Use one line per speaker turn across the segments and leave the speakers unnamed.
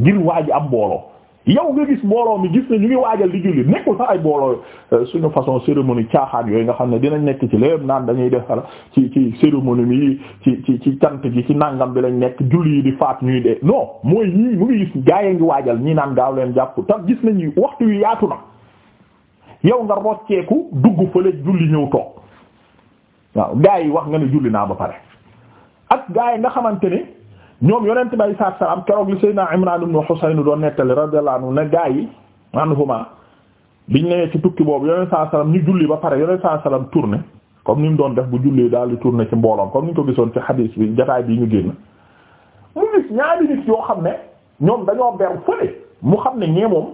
ngir waaj am mbooloo yow nga gis mbooloo mi gis ne ñu ngi waajal di julli nekkul sax ay mbooloo euh, suñu façon cérémonie caaxaan yooyu nga xam ne dinañ nekk ci lépp naan dañuy defal ci ci cérémonie mi ci ci ci cant gi ci nàngam bi lañ nekk julli yi di faat ñuy dee non mooy ñii mu ngi gis gaa yi ngi waajal ñii naan gaaw leen jàpp te gis nañu waxtu yu yaatu na yow nga rocceeku dugg fële julli ñëw toog waaw gaa yi wax nga ne julli naa ba pare ak gaa nga xamante ñoom yonent bay saat salaam keroog li Seydina Imran ibn Husayn doon nettali radiyallahu anhu ne gaa yi anhuma biñ newee ci tukki boobu yonent saa salaam ñu julli ba pare yonent saa salaam tourné comme ni mu doon def bu jullee daal di tourné ci mbooloom comme ni ñu ko gisoon ci hadith bi jotaay bii ñu génn mu gis ñaari nit yoo xam ne ñoom dañoo ber fële mu xam ne ñee moom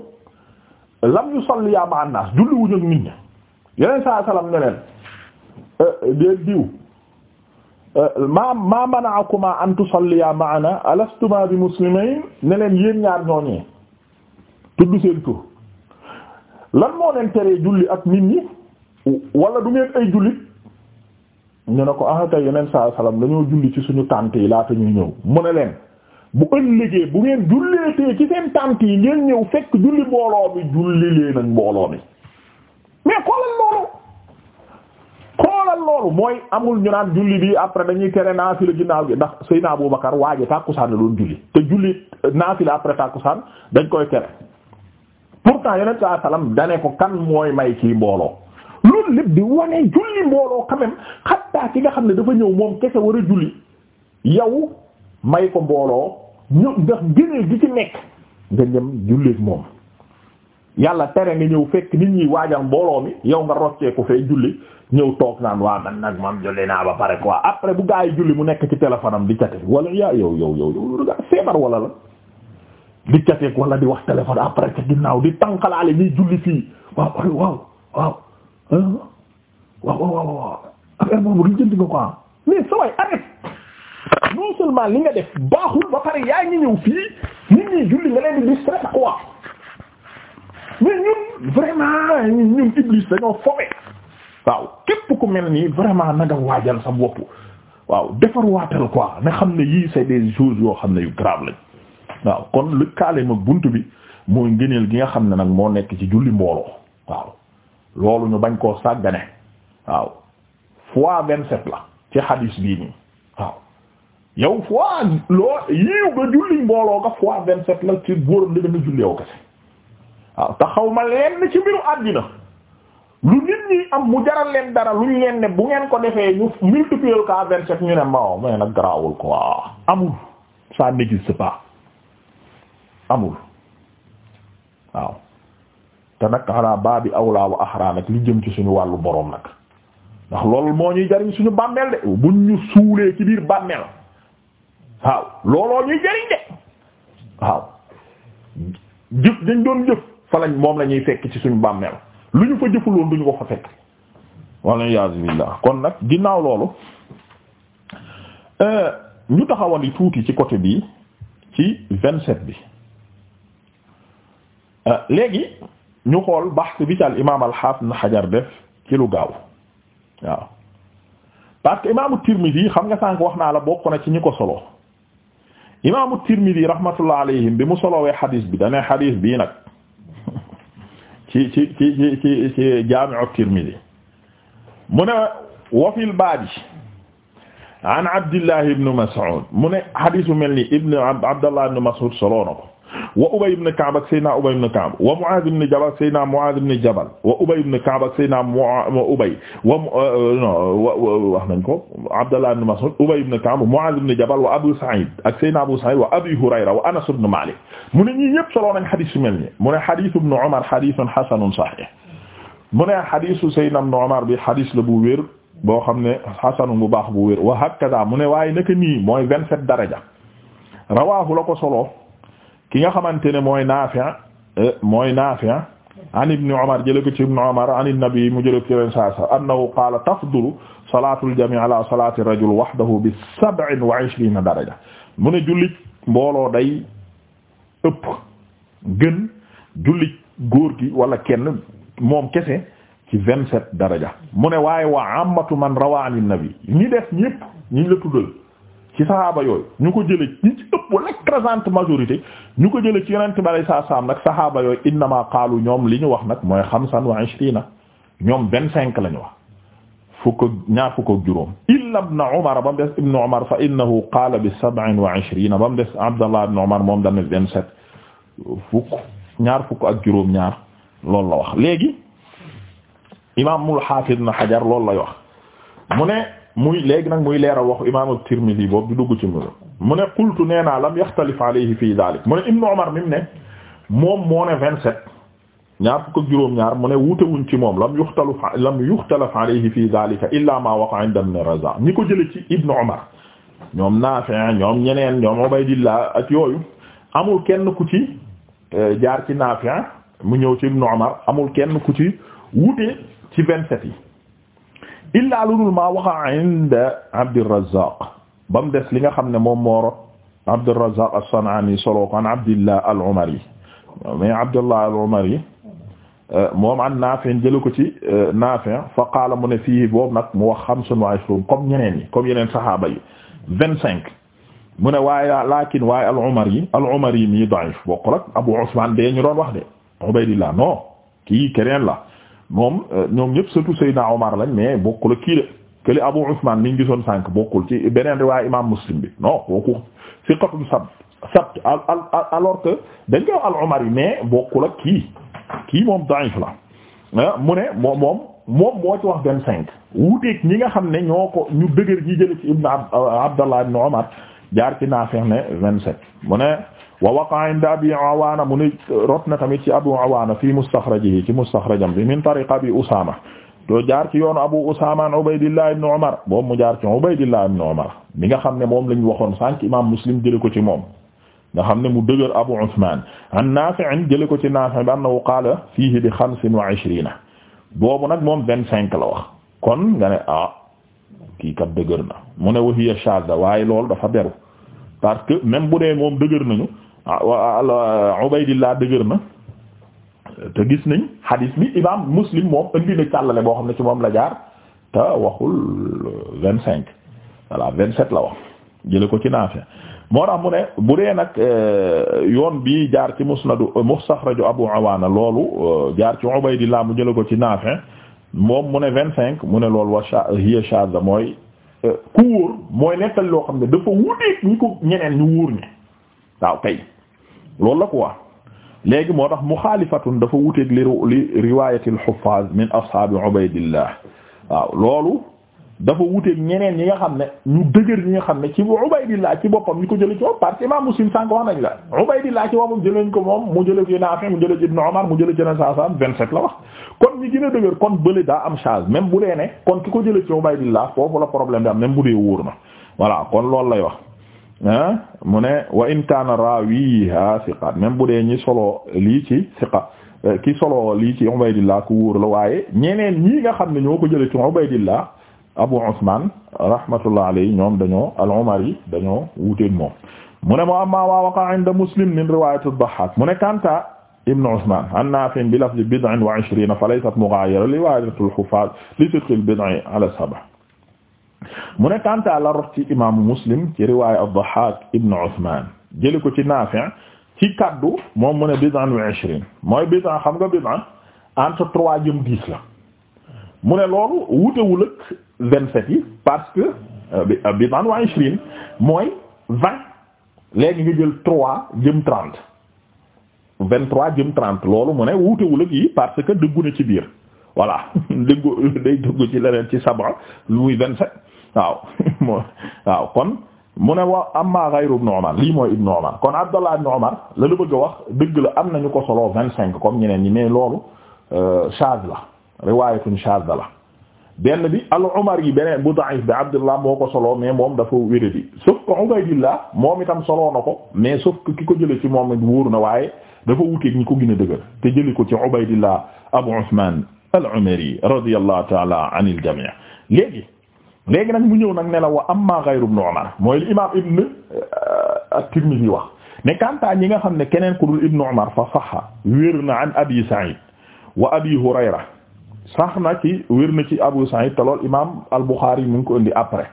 lam ñu solli yaa ma annaas julli wuñu ak nit ñi yonent saa salaam ne eh, eh, ma ma mana'akuma an tusalliya ma'ana alastuma bi muslimayn ne leen yéen ñaar ñooñee tudd seen tur lan moo leen teree julli ak nit ñi wala du ngeen ay jullit ñu ne ko ah kay yeneen saa salaam dañoo julli ci suñu tànt yi laata ñuy ñëw mu ne leen bu ëllëgee bu ngeen julleetee ci seen tànt yi ngeen ñëw fekk julli mbooloo mi julli leen ak mbooloo bi mais ko lan loolu xoolal loolu mooy amul ñu naan julli bi après dañuy tere naafila ginnaaw gi ndax Seydina Abu Bakar waaje tàkkusaan la doon julli te julli euh, naafila après tàkkusaan dañ koy tere pourtant yonent saa salaam dane ko kan mooy may kii mbooloo loolu lépp di wane julli mbooloo quand même ki nga xam ne dafa ñëw moom kese war a julli yow may ko mbooloo ñu ndax gëneel gi ci nekk nga ñem julleek moom yàlla tere nga ñëw fekk nit ñi waajal mbooloo mi yow nga rocceeku fee julli ñëw toog naan waa man nag man julli naa ba pare quoi après bu gaa julli mu nekk ci téléphone am di cate wala yaa yow yow yow yow gaa feebar wala la di cateeg wala di wax téléphone après ca ginnaaw di tànqalaale ñuy julli fii waaw waaw waaw waaw waaw waaw waaw affaire boobu lu jënd nga quoi mais sa mais ñun vraiment ñun Iblis dañoo fobe waaw képp ku mel nii vraiment na nga waajal sa bopp waaw defar waatal ko na xam ne yii c'est des choses yoo xam ne yu grave lañ waaw kon lu kaale ma bunt bi mooy ngëneel gi nga xam ne nag moo nekk ci julli mbooloo waaw loolu ñu bañ koo sàggane waaw fois vingt la ci hadis bii nii waaw yow fois loo yiw nga julli mbooloo nga fois vingt la ci góoram li danga julli yow kese waaw te xaw ma lenn ci mbiru àddina lu nit ñi am mu jaral leen dara lu ñu leen ne bu ngeen ko defee ñu multiplier ko ñu ne maw mais nag garaawul quoi amul ça n'existe pas amul waaw te nag xanaa baa bi awlaa wa axraa nag li jëm ci suñu wàllu boroom nag ndax loolu moo ñuy jariñ suñu bàmmeel de buñ ñu suulee ci biir bàmmeel waaw looloo ñuy jariñ de waaw jëf dañ doon jëf fa lañ moom la ñuy fekk ci suñu bàmmeel lu ñu fa jëfuloon duñu ko fa fekk walla iyaazu billaah kon nag ginnaaw loolu euh, ñu taxawali tuuti ci côté bii ci vingt-sept bi euh, léegi ñu xool baxs bi ci al imaam al na xajar def ci lu gaaw waaw parce que imaamu Tirmidi xam nga sànq wax naa la bokk na ci ñu ko solo imaamu Tirmidi rahmatullah alayhim bi mu solowee xadiis bi danee xadiis bii nag ci ci ci ci ci ci jaami'u Tirmidhi mu ne wa fil baabi an Abdullah ibn Mas'ud mu ne hadiis mel ni ibn Abdullah ibn Mas'ud solo na ko wa Ubay ibn Ka'b ak Seydina Ubay ibn Ka'b wa Mu'aaz ibn Jabal Seydina Mu'aaz ibn Jabal wa Ubay ibn Ka'b ak Seydina Ubay euh, euh, wa wax nañ ko Abdallah ibn Mas'ud Ubay ibn Ka'b Mu'aaz ibn Jabal wa Abu Sa'id ak Seydina Abu Sa'id wa Abi Hurayra wa Anas ibn Maalik mu ne ñii ñëpp solo nañ xadis yu mel nii mu ne xadisu Ibn Umar xadisun xasanun sahih mu ne xadisu Seydina Ibn Umar bi xadis la bu wér boo xam ne xasanun bu baax bu wér wa hakaza mu ne waaye naka nii mooy vingt-sept daraja rawaahu la ko solo ki nga xamante ne mooy Naafi' eh, mooy Naafi' an ibni Umar jële ko ci ibni Umar an nabi mu jële ko ci leen saa sa annahu qaala tafdulu salaatul jamii ala salaati rajul wahdahu bi sab'in wa ishriina daraja mu ne jullit mbooloo day ëpp gën jullit góor gi wala kenn moom kese ci vingt-sept daraja mu ne waaye wa ammatu man rawa an nabi ñi def ñépp ñi la tuddal ci saxaaba yooyu ñu ko jële ñi ci ëpp l'écrasante majorité ñu ko jële ci yonent bi alayhi salaatu salaam nag saxaaba yooyu innama qaalu ñoom li ñu wax nag mooy xamsan wa ishrina ñoom vingt cinq la ñu wax fukk ñaar fukk ak juróom illa ibn umar ba mu des ibn umar fa innahu bi sab'in wa ishrina ba mu des abdallah ibn moom dana vingt sept fukk ñaar fukk ak juróom ñaar loolu la wax léegi imaamul xaafid na xajar loolu lay wax muy léegi nag muy leeral waxu imaamu Tirmidhi boobu du dugg ci mu mu ne qultu nee naa lam yaxtalif alayhi fii daalik mu ne Ibnu Umar mi mu ne moom moo ne vingt-sept ñaar fukk ak juróom-ñaar mu ne wutewuñ ci moom lam yuxtalif lam yuxtalaf alayhi fii daalika illaa maa waqa inda Ibn Raza ñi ko jële ci Ibnu Umar ñoom Naafi ñoom ñeneen ñoom Ubaydillah ak yooyu amul kenn ku ci eh, jaar ci Naafi mu ñëw ci Ibnu Umar amul kenn ku ci wute ci vingt-sept yi illaa lu dul maa waqa inda Abdurrazzaq ba mu des li nga xam ne moom mooro Abdurrazzaq as-San'aani soloo ko an Abdillah al-Umari mais Abdullah al-Umari euh, moom an Naafi' jëlu ko ci euh, Naafi' fa qaala mu ne fii boobu nag mu wax xamsun wa ishruun comme ñeneen yi comme yeneen saxaaba yi vingt cinq mu ne waaye laakin waaye al-Umari al-Umari mii da'if bokkul ak Abu Usmaan de ñu doon wax de Ubaydillah non kii keneen la moom euh, ñoom ñëpp surtout Seydina Omar lañ mais bokkul ak kii de kële Abu Usman mi ngi gisoon sànq bokkul ci beneen riwaaya imam Muslim bi no kooku siqatun sab sabt al al alors que dañ koy al Umar yi mais bokkul ak kii kii moom da'if la ah, mu ne moom moom moom moo ci wax vingt cinq wuuteeg ñi nga xam ne ñoo ko ñu dëgër ñi jële ci ibn Abdallah ibn Umar jaar ci Naafi' ne vingt sept mu ne wa waqa inda abi awaana mu ni na tamit ci abu awaana fii mustaxrajihi ci mustaxrajam bi min tariq abi usaama doo jaar ci yoonu abu usaama an ubaydillah ibn umar boobu mu jaar ci ubaydillah ibn umar mi nga xam ne moom lañ waxoon sànq imam muslim jële ko ci moom nga xam ne mu dëgër abu usman an nafi'in jële ko ci nafi' bi annahu qaala fiihi bi xamsin wa ishrina boobu nag moom vingt cinq la wax kon nga ne ah kii kat dëgër na mu ne wa hiya shadda waaye loolu dafa beru parce que même bu dee moom dëgër nañu Ah, ah, ah, Ubaydillah dëgër na te gis nañ hadis bi imam Muslim moom indi boo xam ne ci moom la jaar te waxul euh, vingt cinq voilà vingt sept la wax jële ko ci Naafi bu dee nag euh, yoon bi jaar ci musnadu euh, mustaxraju Abu Awaana loolu jaar ci Ubaydillah mu jële ko ci Naafi moom mu ne vingt cinq mu ne loolu wa hiya shadda mooy ku wóor mooy nettali loo xam ne dafa wuteeg ñi ko ñeneen ñu wóor ñi waaw kay loolu la quoi léegi moo tax muxaalifatun dafa wuteeg li li riwaayati al-huffaaz min ashaabi Ubaydillah waaw loolu dafa wuteeg ñeneen ñi nga xam ne ñu dëgër ñi nga xam ne ci Ubaydillah ci boppam ñu ko jëlee ci moom parce que Imaam Muslim sànq wax nañ la Ubaydillah ci boppam jëlee ko moom mu jëlee ci Naafi mu jëlee ci Ibn Umar mu jëlee ci Nabi sallallahu alayhi wasallam 27 la wax. kon ñi gën a dëgër kon bële daa am charge même bu dee ne kon ki ko jëlee ci Ubaydillah foofu la problème bi am même bu dee wóor na voilà kon loolu lay wax. mu ne wa in kaana raawiha siqa même bu dee ñi solo lii ci siqa eh, ki solo lii ci Ubaydillah ku wóor la waaye ñeneen ñii nga xam ne ñoo ko jële ci Ubaydillah Abu Usman rahmatullah alayhi ñoom dañoo al-Umari dañoo wuuteen moom mu ne ma amma wa waqa inda Muslim min riwayat ad-Dahhak mu ne kanta ibn Usman an Nafi' bi lafz bid'in wa ishrina fa laysat mughayiran li riwayat al-huffaz li sidq al-bid'i ala sab'a mu ne kanta la rot ci imaamu muslim ci riwaaya ad-Dahhaak ibn Usmaan jëli ko ci Naafi' ci kàddu moom mu ne bid'an wa ishrin mooy bid'an xam nga bid'an entre trois jëm dix la mu ne loolu wutewul ak vingt-sept yi parce que euh, bid'an euh, wa ishrin mooy vingt léegi nga jël trois jëm trente vingt-trois jëm trente loolu mu ne wutewul ak yi parce que dëggu na ci biir voilà dëggu day dëgg ci leneen ci saba lu muy vingt-sept waaw waaw kon mu ne wa amma ghayru ibn Umar lii mooy ibn Umar kon Abdallah ibn Umar la lu bëgg wax dëgg la am nañu ko solo vingt-cinq comme ñeneen ñi mais loolu shaaz euh, la riwaayatun shaaz la benn bi al-Umar yi beneen bu da'if bi Abdullah moo ko soloo mais moom dafa wéradi sauf que Ubaydillah moom itam solo na ko mais sauf que ki ko jële ci moom wóor na waaye dafa wuteeg ñi ko gën a dëgër ko ci Ubaydillah al-Umari radiyallahu ta'ala anil jami' léegi léegi nag mu ñëw nag ne la wa amma ghayru ibn Umar mooy li imaam ibn euh, at-Tirmidhi wax ne kanta ñi nga xam ne keneen ku dul ibn Umar fa sahha wér na an Abi Sa'id wa Abi Hurayra sax na ci wér na ci Abu Sa'id te lool imaam al-Bukhari mu ngi ko indi après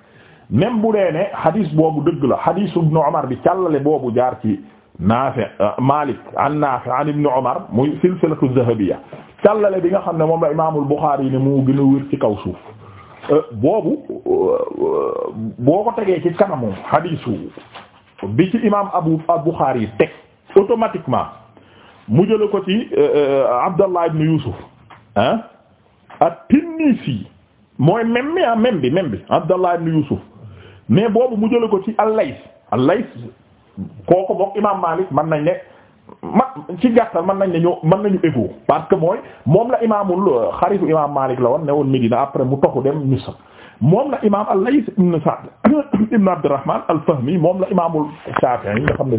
même bu dee ne hadis boobu dëgg la hadis ibn Umar bi càllale boobu jaar ci Naafi Malik an Naafi an Ibn Umar muy silsilatu zahabiyya càllale bi nga xam ne moom la imaamul Buxaari yi ne mu gën a wér ci kaw suuf euh, boobu euh, boo ko tegee ci kanamu hadiisu bi ci imaam Abu Buxaari yi teg automatiquement mu jële ko ci euh, Abdallah ibn Yusuf ah at-Tinnisi mooy même mi ah même bi même bi Abdallah ibn Yusuf mais boobu mu jële ko ci al-Lays kooku mook imaam Maalik mën nañ ne ma ci gàttal man nañ ne ñoo mën nañu égo parce que mooy moom la imaamul xaritu imaam Maalik la woon ne woon Médina après mu toxu dem Misr moom la moom la imaamul Shafi'i nga xam ne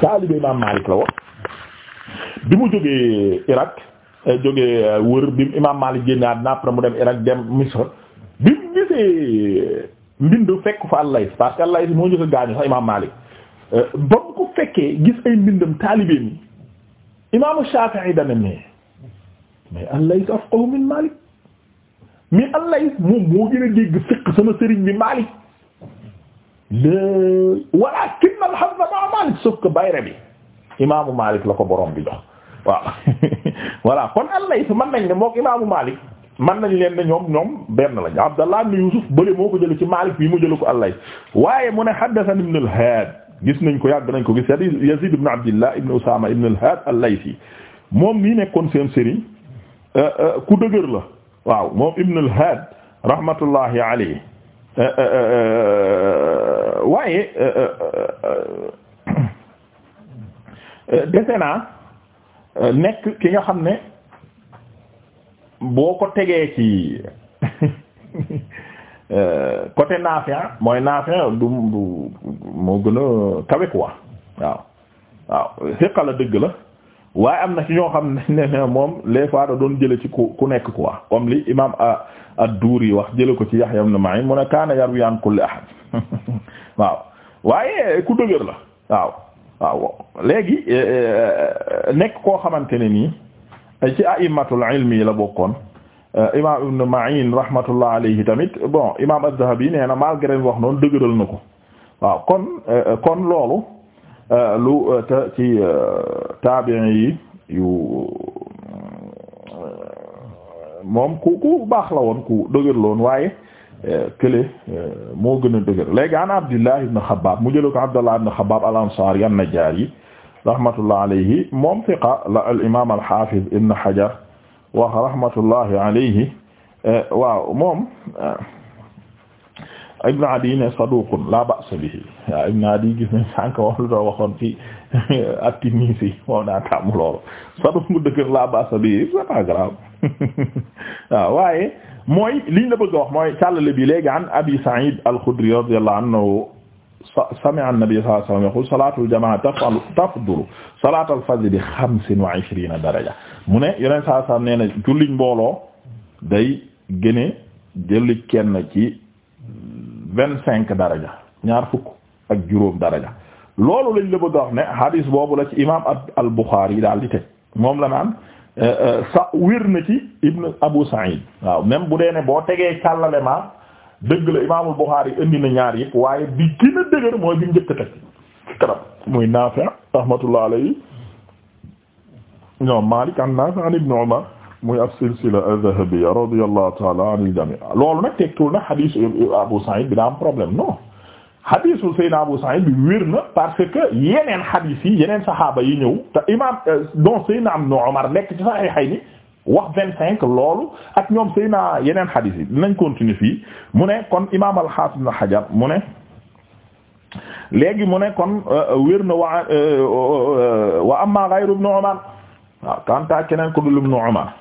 taalibe imaam Maalik la woon bi mu jógee Irak eh, jógee eh, wër bi imaam Maalik génne àddina après mu dem Irak dem Misr bi mu gisee mbind fekk fa al parce que al moo njëkk a gaañu sax imaam Maalik Euh, ba ko fekkee gis ay mbindam taalibeem yi imaamu Shaafi'i dana ne mais al-Layth afqahu min Maalik mais al-Layth moom moo gën a dégg fiqh sama sëriñ bi Maalik le walaakinna al-hazza ma'a Maalik sauf la ko borom bi jox waaw kon al-Layth mën nañ ne mook imaamu Maalik man nañ leen ne ñoom ñoom na lañu Abdallah ibn Yusuf bële moo ko jële ci Maalik bi mu jël ko al-Layth waaye mu ne haddathana ibn al gis nañ ko yàgg nañ ko gis Yazid ibn Abdillah ibn Usama ibn al-Had moom mii nekkoon seen sëriñ euh, euh, ku dëgër la waaw moom ibn al-Had rahmatullahi euh, waaye dese naa nekk ki nga xam ne boo ko tegee ci Euh, côté naafia mooy naafia du moo gën a kawe quoi waaw waaw siqa la dëgg la waaye am na ci ñoo xam ne ne moom les fois da doon jële ci ku ku nekk quoi comme li imam euh, ad yi wax jële ko ci Yahya ibn Ma'in mu ne kaana yarwi an kulli ahad waaw waaye ku dëgër la waaw waaw léegi euh, nekk koo xamante ne nii ci a'immatul ilmi la bokkoon Euh, imam Ibn Ma'in rahmatullah alayhi tamit bon imam Az-Zahabi nee na malgré wax noonu dëgëral na ko waaw kon euh, euh, kon loolu lu te ci tabi'in yi yu moom ku ku baax la woon ku dëgër loon waaye kële moo gën a dëgër léegi an Abdullah ibn Xabbaab mu jël ko Abdullah ibn Xabbaab al-Ansaari an-Najjaari rahmatullah alayhi moom thiqa la al imam al-Haafiz ibn Hajar wax rahmatullahi alayhi eh, waaw moom eh, ibn Adi ne saduqun la ba'sa bihi waaw ibn Adi gis ne sànk wax lu doo waxoon ci At-Tinnisi moom naa tàmm loolu saduqun dëgër la ba'sa bihi c'est pas grave waaw waaye mooy liñ la bëgg a wax mooy càllale bi léegi an Abi Sa'id al-Khudri radiyallahu anhu sami'a an-nabi sallallahu alayhi wa sallam yaqul salatul jama'a tafdulu salatal fajr bi xamsin wa ishrina daraja mu ne yeneen saa saa nee na jullit mbooloo day gëne jullit kenn ci vingt cinq daraja ñaar fukk ak juróom daraja loolu lañ la bëgg a wax ne hadis boobu la ci imaam al Bukhari yi daal di teg moom la naan eh, eh, sa wir na ci ibn Abu Sa'id waaw même bu dee ne boo tegee càllale ma dëgg la imaamul yi indi na ñaar yëpp waaye bi gën a dëgër mooy bi njëkk teg kanam muy Naafi' rahmatullah alayhi ñoom Malik an Nafi' an Ibn Umar muy ab silsila az-zahabiyya radiyallahu ta'ala anil jami' loolu nag tegtul na hadith Abu Sa'id bi daa am problème non hadith Sayyidina Abu Sa'id bi wér na parce que yeneen hadith yi yeneen saxaaba yi ñëw te imam euh, don Sayyidina Ibn Umar nekk ci Sahihayni wax vingt cinq loolu ak ñoom Sayyidina yeneen hadith yi dinañ continuer fii mu ne kon imam al-Hafiz Ibn Hajar mu ne léegi mu ne kon euh, wér na wa euh, wa amma ghayru Ibn Umar waaw kanta keneen ku dul ibnu Umar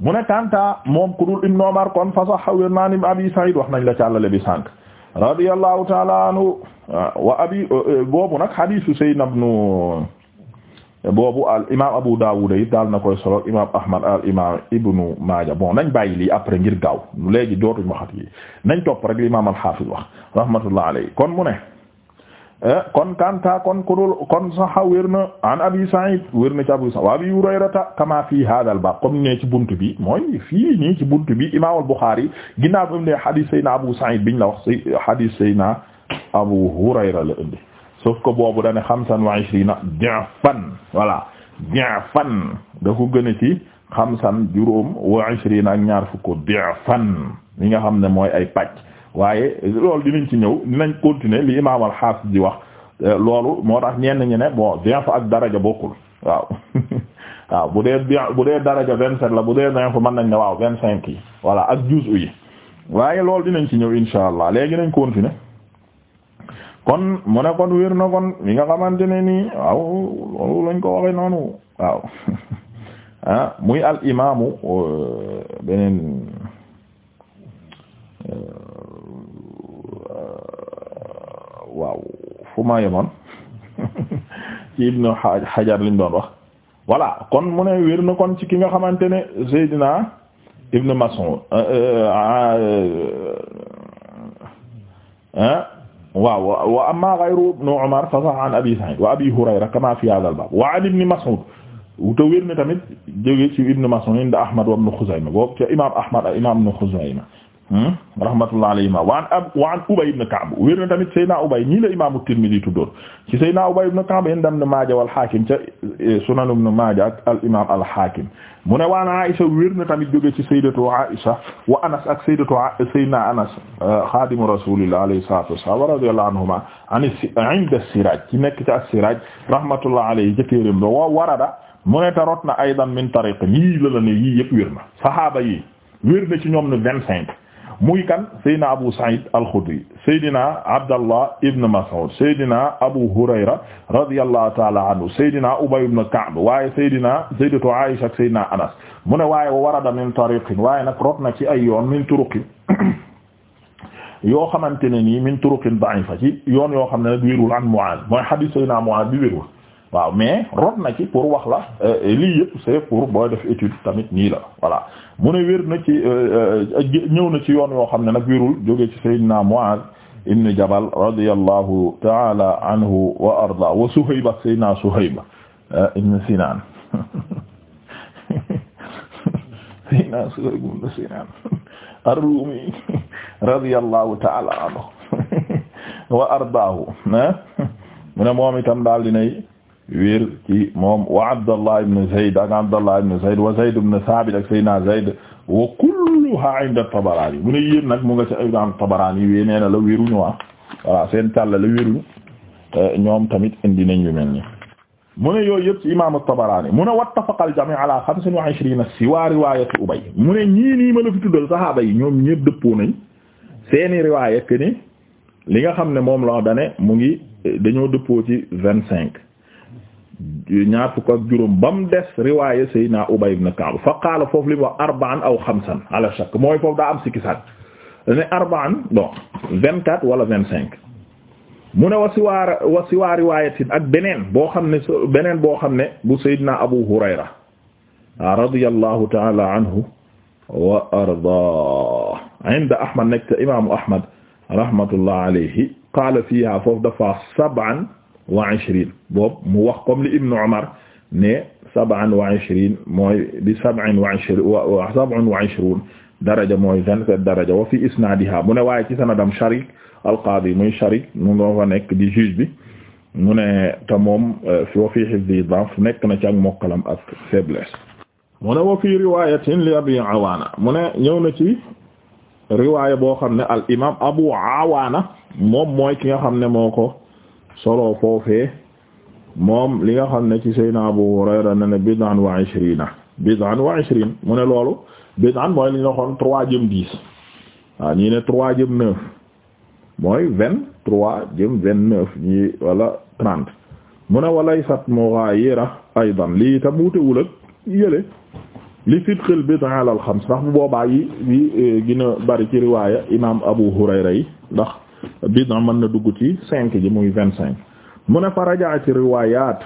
mu ne kanta moom ku dul ibnu Umar kon fa sax xawir naa Abi Sa'id wax nañ la càllale bi sànq radiyallahu ta'ala anhu wa abi boobu nag hadisu sayyidina ibnu boobu al imam Abu Dawud yi daal na koy solo imam Ahmad al imam Ibnu Maaja bon nañ bàyyi lii après ngir gaaw léegi dootuñ waxat yi nañ topp rek li imam al-Hafiz wax rahmatullah alayhi kon mu ne Eh, kon kanta kon kudul kon saxa wér na an abi sa'id wér na ci abu sa'id wa abi hurayrata kama fii hada ba bab comme ne ci buntu bi mooy fii nii ci bunt bi imam al bukhari ginnaaw bi mu ne hadith sayna abu sa'id biñ la wax si hadith sayna abu hurayra la indi sauf que boobu dane xamsan wa ishrina di'fan voilà di'fan da ko gën a ci xamsan juróom wa ishrina ak ñaar fukk di'fan mi nga xam ne mooy ay pàcc waaye loolu dinañ ci ñëw dinañ continuer li imaam al-Hafiz di wax euh, loolu moo tax ñenn ñi ne bon ak daraja bokkul waaw waaw bu dee bu dee daraja vingt-sept la bu dee di'f mën nañ ne waaw vingt-cinq yi voilà ak juz'u yi waaye loolu dinañ ci ñëw insha allah léegi nañ continuer kon mu ne kon wér na kon mi nga xamante ne nii waaw loolu lañ ko waxe noonu waaw ah muy al imaamu euh, beneen euh, waaw fu ma yemoon ci ibnu Hajar liñ doon wax voilà kon mu ne wér na kon ci ki nga xamante ne Seydina ibnu Mas'ud euh, euh, ah, euh, waaw wa amma ghayru ibnu Umar fa sahha an Abi Sa'id wa Abi Hurayra kama fi hadha al-bab wa an ibni Mas'ud te wér na tamit jóge ci ibnu Mas'ud inda Ahmad wa ibnu Khuzaymah boobu ca imam Ahmad ak imam ibnu Hmm? rahmatullah alayhima waan ab waan Ubay ibn Ka'b wér na tamit Seydina Ubay ñii la imaamu Tirmidi tuddoon ci Seydina Ubay ibn Ka'b inda Ibn Maaja wal Haakim ca eh, Sunan Ibn Maaja ak al imaam al Haakim mu ne waan Aïsa wér na tamit jóge ci Sayyidatu Aïsa wa Anas ak Sayyidatu Seydina Anas eh, xaadimu Rasuulillah alayhi salaatu wa salaam wa radiyallahu anhumaa an inda Siraaj ci nekk ci as-Siraaj rahmatullah alayhi jëkkëram ba wa warada mu ne te rot na aydan min tariq yii la la ne yii yëpp wér na saxaaba yi wér na ci ñoom ne vingt-cinq muy kan Seydina Abu Saïd al-Khudri Seydina Abdallah Ibn Mas'ud Seydina Abu Hurayra radiyallahu ta'ala anhu Seydina Ubay ibn Ka'b waaye Seydina Sayyidatu Aïsha ak Seydina Anas mu ne waaye warada min tariqin waaye nag rot na ci ay yoon min turuqin yoo xamante ne nii min turuqin da'ifa ci yoon yoo xam ne nag wérul an Mu'aaz mooy hadiis Seydina Mu'aaz bi wérul waaw mais rot na ci pour wax la euh, lii yëpp c'est booy def étude tamit nii la voilà mu ne wér na ci euh, euh, yoon yoo xam ne nag wérul jóge ci Seydina Muaz ibn Jabal radiyallahu ta'ala anhu wa arda wa Suhayb ak Seydina Suhayb ibn Sinan Seydina Suhayb ibn Sinan ne moom itam daal dinay wér ci moom wa Abdallah ibn Zayd ak Abdallah ibn Zayd wa Zayd ibn Thabit ak Seydina Zayd wa kulluha inda Tabarani mu ne yéen nag mu nga ci imam Tabarani yi nee na la wéruñu wa ah. voilà seen càll la wéruñu eh, ñoom tamit indi nañ yu mel ni mu ne yooyu yëpp ci imam Tabarani mu ne wattafaqa al-jami' ala xamsin wa ishrina siwa Ubay mu ne ñii nii ma la fi tuddal sahaaba yi ñoom ñëpp dëppoo nañ seeni riwaaya que li nga xam ne moom la dane mu ngi eh, dañoo dëppoo ci vingt cinq ñaar fukk ak juróom ba mu des riwaaya Seydina Ubay ibn Ka'b fa qaala foofu li mu mooy foofu daa am si kisaat ne arba'an bon wala mu ne wa siwaar wa siwaar riwaayatin boo xam ne bu Seydina Abu Hurayra radiyallahu ta'ala anhu wa ardaah inda Ahmad nekk imaamu Ahmad rahmatullah alayhi qaala fiihaa foofu dafa wa ishrin boobu mu wax comme li Ibn Umar ne sab'an wa ishrin mooy di sab'in wa ishrin wa sab'un wa ishrun daraja mooy vingt-sept daraja wa fi isnadiha mu ne waaye ci sanadam Sharik al-Qadi muy Sharik mu nga fa nekk di juge bi mu ne te moom euh, wa fi hifzi daf nekk na ci ak mokkalam ak faiblesse mu ne wa fi riwayatin li Abi Awaana mu ne ñëw na ci riwaaya boo xam ne al imam Abu Awaana moom mooy ki nga xam ne moo ko solo foofee moom li nga xam ne ci sayna Abu Hurayra ne ne bid'an wa ishrina bid'an wa ishrin mu ne loolu bid'an mooy li ñu waxoon trois jëm dix waaw ñii ne trois jëm neuf mooy vingt trois jëm vingt neuf ñii wala trente mu ne walay sat mughayira aydan lii tam wutewul ak yële li sidqil bid'a ala al xams ndax bu boobaa yi yi eh, gën a bari ci riwaaya imaam Abu Hurayra yi ndax bid'a mën na dugg ci cinq ji muy vingt cinq mu ne fa ci riwayat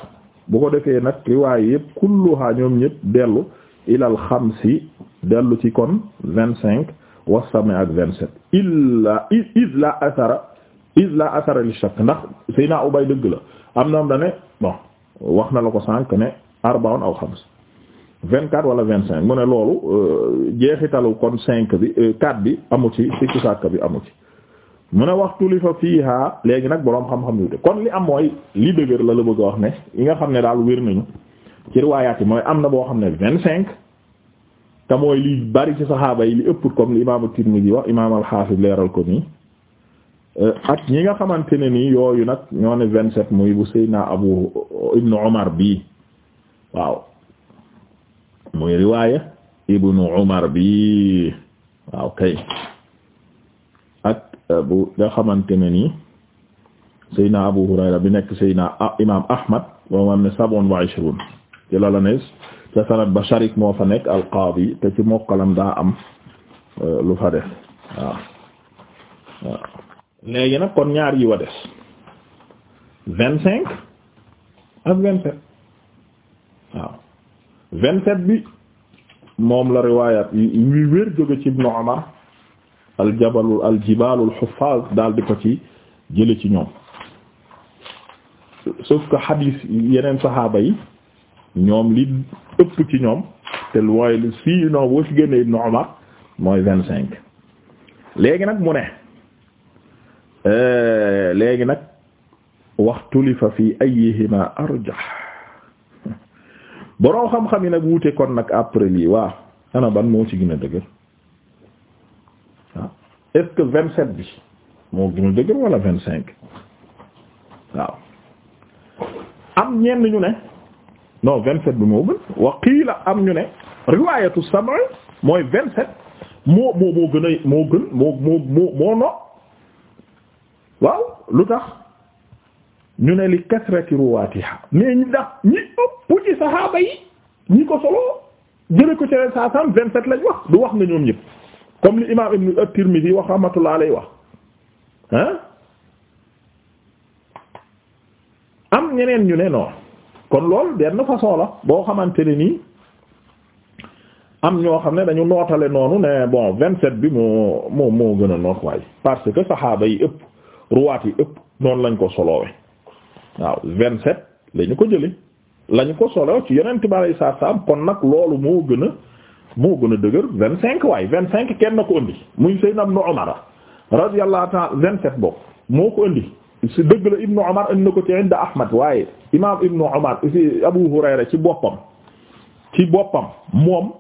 bu ko defee nag riwaay yëpp kulluha ñoom ñëpp dellu ilal xamsi dellu ci kon vingt cinq wasame ak vingt sept illa is la asara is la asara li shakk ndax sëy naa ubay dëgg la am na am da ne bon wax na la ko sànq ne arbaun aw xams vingt quatre wala vingt cinq mu ne loolu euh, jeexitalu kon cinq bi euh, quatre bi amu ci sikki sàkk bi amu ci mu ne waxtu li fa fiiha léegi nag boroom xam-xam yu kon li am mooy li dëgër la la bëgg wax ne yi nga xam ne daal wér nañu ci riwaayaat yi mooy am na boo xam ne vingt cinq te mooy li bari ci saxaaba yi li ëpp comme li imaamu Tirmidi wax imaam al leeral ko nii eh, ak ñi nga xamante ne nii yooyu nag ñoo ne vingt sept muy bu Seydina Abu Ibnu Umar bii waaw muy riwaaya Ibnu Umar bii waaw kay bu nga xamante ne nii Seydina Abu Hurayra bi nekk Seydina Imaam Ahmad moom ne sabon wa ishrun ci la ca sanad ba Sharik moo fa nekk al-Qaadi te ci mokkalam daa am euh, lu fa def waaw léegi nag kon ñaar yi wa des vingt cinq ak vingt sept waaw vingt sept bi moom la riwaayat yi wér jóge ci Ibnu a aljabalu aljibaalul xuffaaz daal di ko ci jële ci ñoom sauf que xadiis yeneen saxaaba yi ñoom li ëpp ci ñoom te mooy li sii non boo ci génnee Ibnu Umar mooy vingt cinq léegi nag mu ne euh, léegi nag waxtulifa fi ayihima arjah boroom xam-xam yi nag wuute kon nag après yi waa ana ban moo ci gën a dëgër est-ce que vingt sept bi moo gën a dëgër wala vingt cinq waaw am ñenn ñu ne no vingt sept bi moo gën wa la am ñu ne riwaayatu sab'a mooy vingt sept moo moo moo gën a moo gën moo moo moo no waaw lu tax ñu ne li kasrati ruwaatiha mais ñi dax ñi ëpp ci saxaaba yi ñi ko solo jële ko ci leen saa sam vingt sept lañ wax du wax nga ñoom comme li imaam ibn at-Tirmidhi wax rahmatullah alayhi wax ah am ñeneen ñu ne non kon loolu benn façon la boo xamante ne nii am ñoo xam ne dañu nootale noonu ne bon vingt bi moo moo moo gën a noot waaye parce que saxaaba yi ëpp ruwaat yi ëpp noonu lañ ko soloowe waaw vingt-sept lañu ko jële lañu ko soloowe ci yeneen tibaar yi saa saam kon nag loolu moo gën a moo gën a dëgër vingt cinq waay vingt cinq kenn ko indi muy Seydina Ibnu Umar radiyallahu ta'ala vingt sept boobu moo ko indi si dëgg la Ibnu Umar indi na ko ci inda waaye imaam Ibnu Umar si Abu Hurayra ci boppam ci boppam moom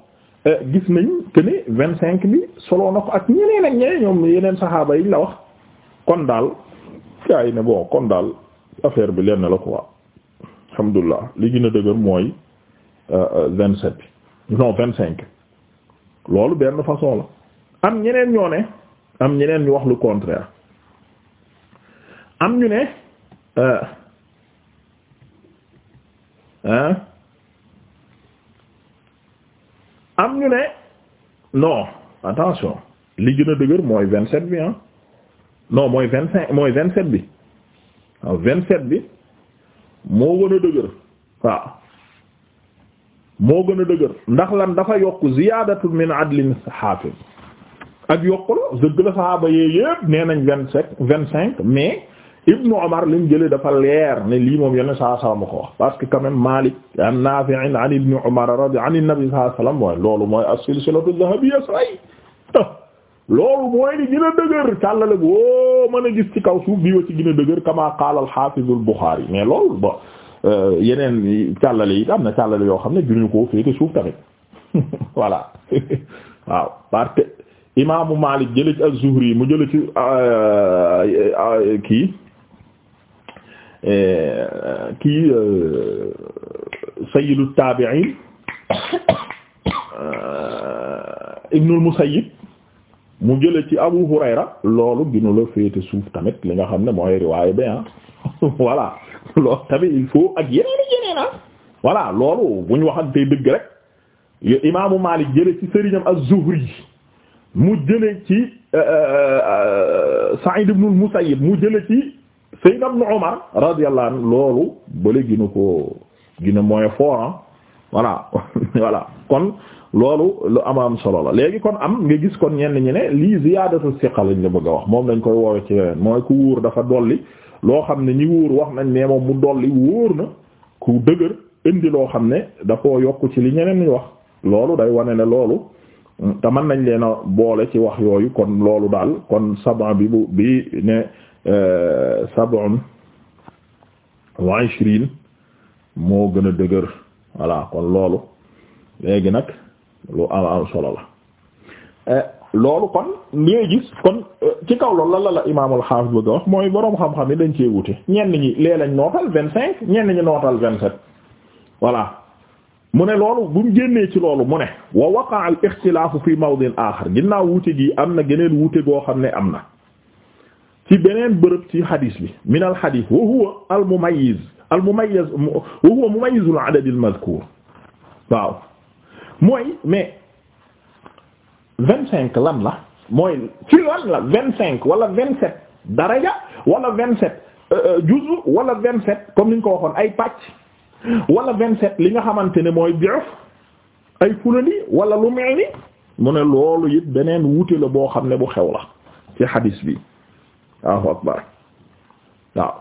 eh, gis nañ que vingt cinq bi solo na ko ak ñeneen ak ñeneen ñoom yeneen saxaaba yi la wax kon daal gaa yi ne bon kon daal affaire bi lenn la quoi alhamdulilah li gën a dëgër mooy vingt sept vingt cinq loolu benn façon la am ñeneen ñoo ne am ñeneen ñu wax lu contraire am ñu ne euh, hein am ñu ne non attention li gën a dëgër mooy vingt sept bi ah non mooy vingt cinq mooy vingt sept bi waaw vingt sept bi moo gën a dëgër waaw moo gën a dëgër ndax lan dafa yokk ziyaadatu min adlin hafiz ak yokk la dëgg la sahaaba yee nañ vingt cinq vingt cinq mais ibnu Umar liñ jëlee dafa leer ne lii moom yenn saa salaam ko wax parce que a même Maalik an Naafi' loolu mooy a silsilatu dhahabiyya say loolu mooy ni a dëgër càllale boo mën a gis ci kaw suuf bii wa ci gën a dëgër kama qaala al-hafiz al-Bukhari mais loolu ba Euh, yeneen càllale yi am na càllale yoo xam ne juruñu koo féete suuf tamit voilà waaw parce que imaamu Maalik jële ci az mu jële ci euh, euh, kii kii sayyidu taabi'iin Ibnul Musayyib mu jële ci Abu Hurayra loolu ginu la féete suuf tamit li nga xam ne mooy riwaayu bi ah loolu tamit il faut ak yeneen ak yeneen ah voilà loolu bu ñu waxantee dëgg rek imaamu Maalik jële ci sëriñam az-Zuhri mu jële ci euh, euh, euh, Sa'id ibn al-Musayyib mu jële ci Sayyid ibn Umar loolu bale gina ko gina mooy fort ah. voilà voilà kon loolu lu amaam solo la léegi kon am nga gis kon ñenn ñi ne lii ziyaadatu siqa lañ la bëgg a wax moom lañ koy woowe ci yeneen mooy ku wóor dafa dolli loo xam ne ñi wóor wax nañ nee moom mu dolli wóor na ku dëgër indi loo xam ne da koo yokk ci li ñeneen ñi wax loolu day wane ne loolu te mën nañ leen a boole ci wax yooyu kon loolu daal kon sabon bi bu bi ne euh, sabon wa ishrine moo gën a dëgër voilà kon loolu léegi nag lu am am solo la euh, loolu kon ngay kon euh, ci kaw loolu la la la imaamul xaafis bëgg a wax mooy boroom xam-xam yi dañ cee wute ñenn ñi lee lañ nootal vingt cinq ñenn ñi nootal vingt sept voilà mu ne loolu bu mu génnee ci loolu mu ne wa waqaa al ixtilaafu fi mawdin aaxar ginnaaw wute gi am na geneen wute goo xam ne am na ci beneen bërëb ci xadiis bi min al xadiis wa huwa al mumayyiz al mu wa huwa mumayyizul adad al mazkuur waaw mooy mais vingt cinq lan la mooy ci lan la vingt cinq wala vingt sept daraja wala vingt sept euh, euh, juzu wala vingt sept comme ni nga ko waxoon ay pàcc wala vingt sept li nga xamante ne mooy bi'f ay fulani wala lu mel ni mu ne loolu it beneen wuute la boo xam ne bu xew la ci xadiis bi Allahu akbar waaw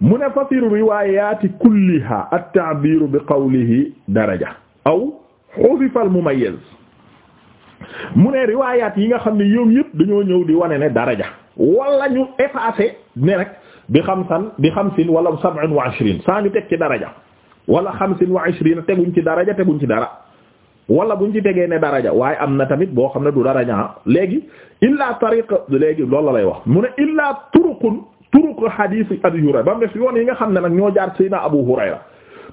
mu ne fa fi riwaayaati kulliha at-ta'biir bi qawlihi daraja aw hudifa al-mumayyiz mu ne riwaayaat yi nga xam ne yow yëpp dañoo ñëw di wane ne daraja wala ñu effacé ne rek bi xamsan bi xamsin wala sab'in wa ishrin saa ñu teg ci daraja wala xamsin wa ishrin teguñ ci daraja teguñ ci dara bu buñ ci tegee ne daraja waaye am na tamit boo xam ne du daraja ah. léegi illaa tariq léegi loolu la lay wax mu ne illaa turuqun turuq hadith abi hurayra ba mu def yoon yi nga xam ne nag ñoo jaar sayna abu hurayra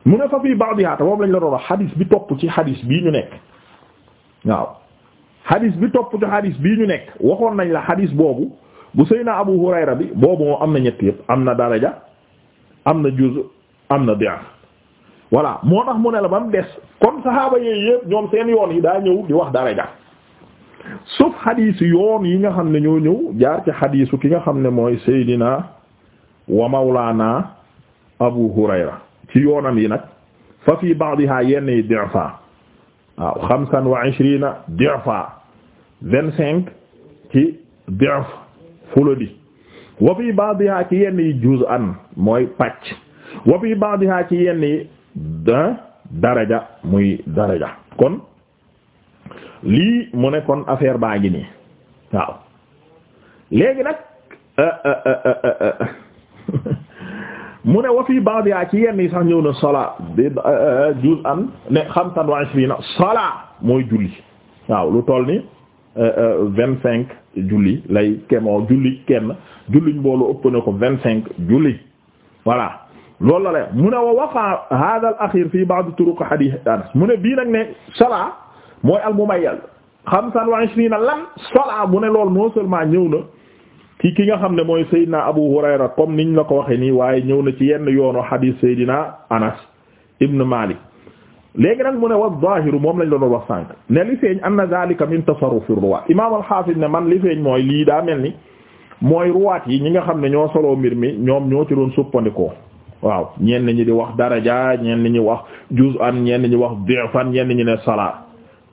mu ne fa fii ba'diha moom lañ la doon wax hadith bi topp ci hadith bii ñu nekk xadis bi topp ci xadis bii ñu nekk waxoon nañ la xadis boobu bu Seydina Abu Hurayra bi boobu moom am na ñett yëpp am na daraja am na juz am na di'af voilà moo tax ne la ba mu yoon yi daa ñëw di wax daraja sauf xadis yoon yi nga xam ne ñoo ñëw jaar ki nga xam ne mooy Seydina wa Mawlaana Abu Hurayra ci yi nag fa fii wa ishrina vingt cinq ci bi'f fuladi wa fi ba'diha ci yenn yi juz'an mooy pàcc wa fi ba'diha ci yenn yi ah daraja muy daraja kon lii mu ne kon affaire baa ngi nii waaw léegi nag euh, euh, euh, mu ne wa fi ba'diha ci yenn yi sax ñëw na sola di juz'an ne xamsan wa ishrina sola mooy julli waaw lu toll ni Euh, euh, vingt cinq julli lay kemoo julli kenn julliñ mbooloo ëpp na ko vingt cinq julli voilà loolu la la mu ne wa waqa hada al fi ba'd turuq hadith Anas mu ne bii nag ne salaa mooy al mumayyal xamsan wa ishrina la salaa mu ne lool non seulement ñëw na ki ki nga xam ne mooy Seydina Abu Hurayra comme niñ la ko waxe nii waaye ñëw na ci yenn yoonu hadith Seydina Anas ibn Malik léegi nag mu ne wa zahiru moom lañ la doon wax sànq ne li feeñ anna zalika min tasarrufi ruwaat imaam al-Hafiz ne man li feeñ mooy lii daamel ni mooy ruwaat yi ñi nga xam ne ñoo soloo mbir mi ñoom ñoo ci doon suppandikoo waaw ñenn ñi di wax daraja ñenn ñi wax juz'an ñenn ñi wax ñeen ñenn ñi ne salaat